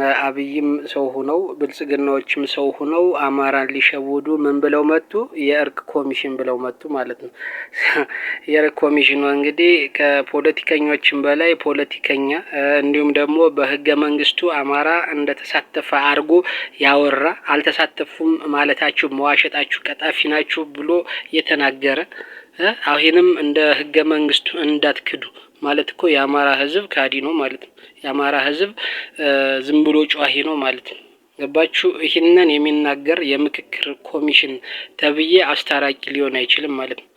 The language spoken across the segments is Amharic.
እነ አብይም ሰው ሁነው ብልጽግናዎችም ሰው ሁነው አማራን ሊሸውዱ ምን ብለው መጡ? የእርቅ ኮሚሽን ብለው መጡ ማለት ነው። የእርቅ ኮሚሽኑ እንግዲህ ከፖለቲከኞችም በላይ ፖለቲከኛ እንዲሁም ደግሞ በህገ መንግስቱ አማራ እንደተሳተፈ አድርጎ ያወራ አልተሳተፉም ማለታችሁ መዋሸጣችሁ ቀጣፊ ናችሁ ብሎ የተናገረ አሁንም እንደ ህገ መንግስቱ እንዳትክዱ ማለት እኮ የአማራ ህዝብ ካዲ ነው ማለት ነው። የአማራ ህዝብ ዝም ብሎ ጨዋሂ ነው ማለት ነው። ገባችሁ? ይህንን የሚናገር የምክክር ኮሚሽን ተብዬ አስታራቂ ሊሆን አይችልም ማለት ነው።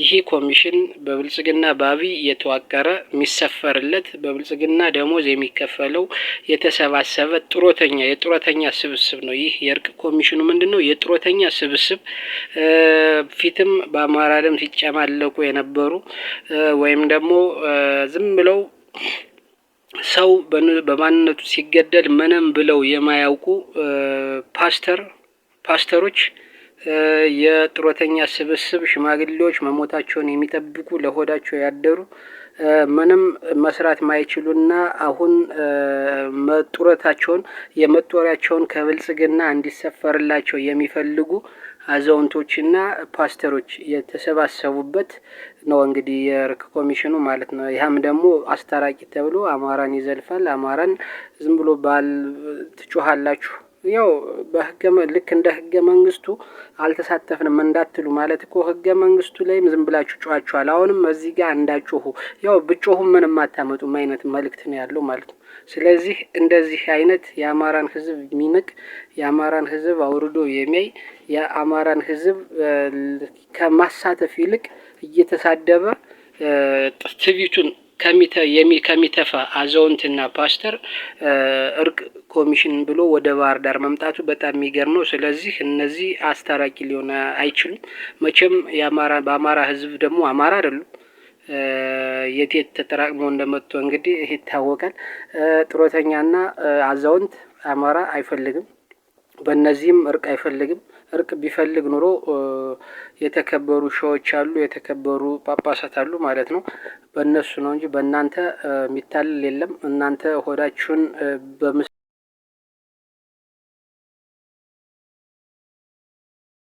ይህ ኮሚሽን በብልጽግና በአብይ የተዋቀረ የሚሰፈርለት በብልጽግና ደሞዝ የሚከፈለው የተሰባሰበ ጥሮተኛ የጥሮተኛ ስብስብ ነው። ይህ የእርቅ ኮሚሽኑ ምንድን ነው? የጥሮተኛ ስብስብ ፊትም በአማራ ደም ሲጨማለቁ የነበሩ ወይም ደግሞ ዝም ብለው ሰው በማንነቱ ሲገደል ምንም ብለው የማያውቁ ፓስተር ፓስተሮች የጡረተኛ ስብስብ ሽማግሌዎች መሞታቸውን የሚጠብቁ ለሆዳቸው ያደሩ ምንም መስራት ማይችሉና አሁን መጡረታቸውን የመጦሪያቸውን ከብልጽግና እንዲሰፈርላቸው የሚፈልጉ አዛውንቶችና ፓስተሮች የተሰባሰቡበት ነው እንግዲህ የእርቅ ኮሚሽኑ ማለት ነው። ይህም ደግሞ አስታራቂ ተብሎ አማራን ይዘልፋል። አማራን ዝም ብሎ ባል ትጮሃላችሁ ያው በህገ ልክ እንደ ህገ መንግስቱ አልተሳተፍንም እንዳትሉ ማለት እኮ ህገ መንግስቱ ላይም ዝም ብላችሁ ጨዋችኋል። አሁንም እዚህ ጋር እንዳጮሁ ያው ብጮሁ ምንም አታመጡም አይነት መልእክት ነው ያለው ማለት ነው። ስለዚህ እንደዚህ አይነት የአማራን ህዝብ የሚንቅ የአማራን ህዝብ አውርዶ የሚያይ የአማራን ህዝብ ከማሳተፍ ይልቅ እየተሳደበ ትቢቱን ከሚተፋ አዛውንትና ፓስተር እርቅ ኮሚሽን ብሎ ወደ ባህር ዳር መምጣቱ በጣም የሚገርም ነው። ስለዚህ እነዚህ አስታራቂ ሊሆን አይችሉም። መቼም በአማራ ህዝብ ደግሞ አማራ አይደሉም። የት የት ተጠራቅሞ እንደመጥቶ እንግዲህ ይታወቃል። ጡረተኛና አዛውንት አማራ አይፈልግም። በእነዚህም እርቅ አይፈልግም። እርቅ ቢፈልግ ኑሮ የተከበሩ ሸዎች አሉ፣ የተከበሩ ጳጳሳት አሉ ማለት ነው። በእነሱ ነው እንጂ በእናንተ የሚታልል የለም። እናንተ ሆዳችሁን በምስ